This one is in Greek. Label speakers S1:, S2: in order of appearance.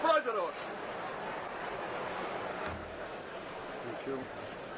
S1: πρόεδρος.
S2: Thank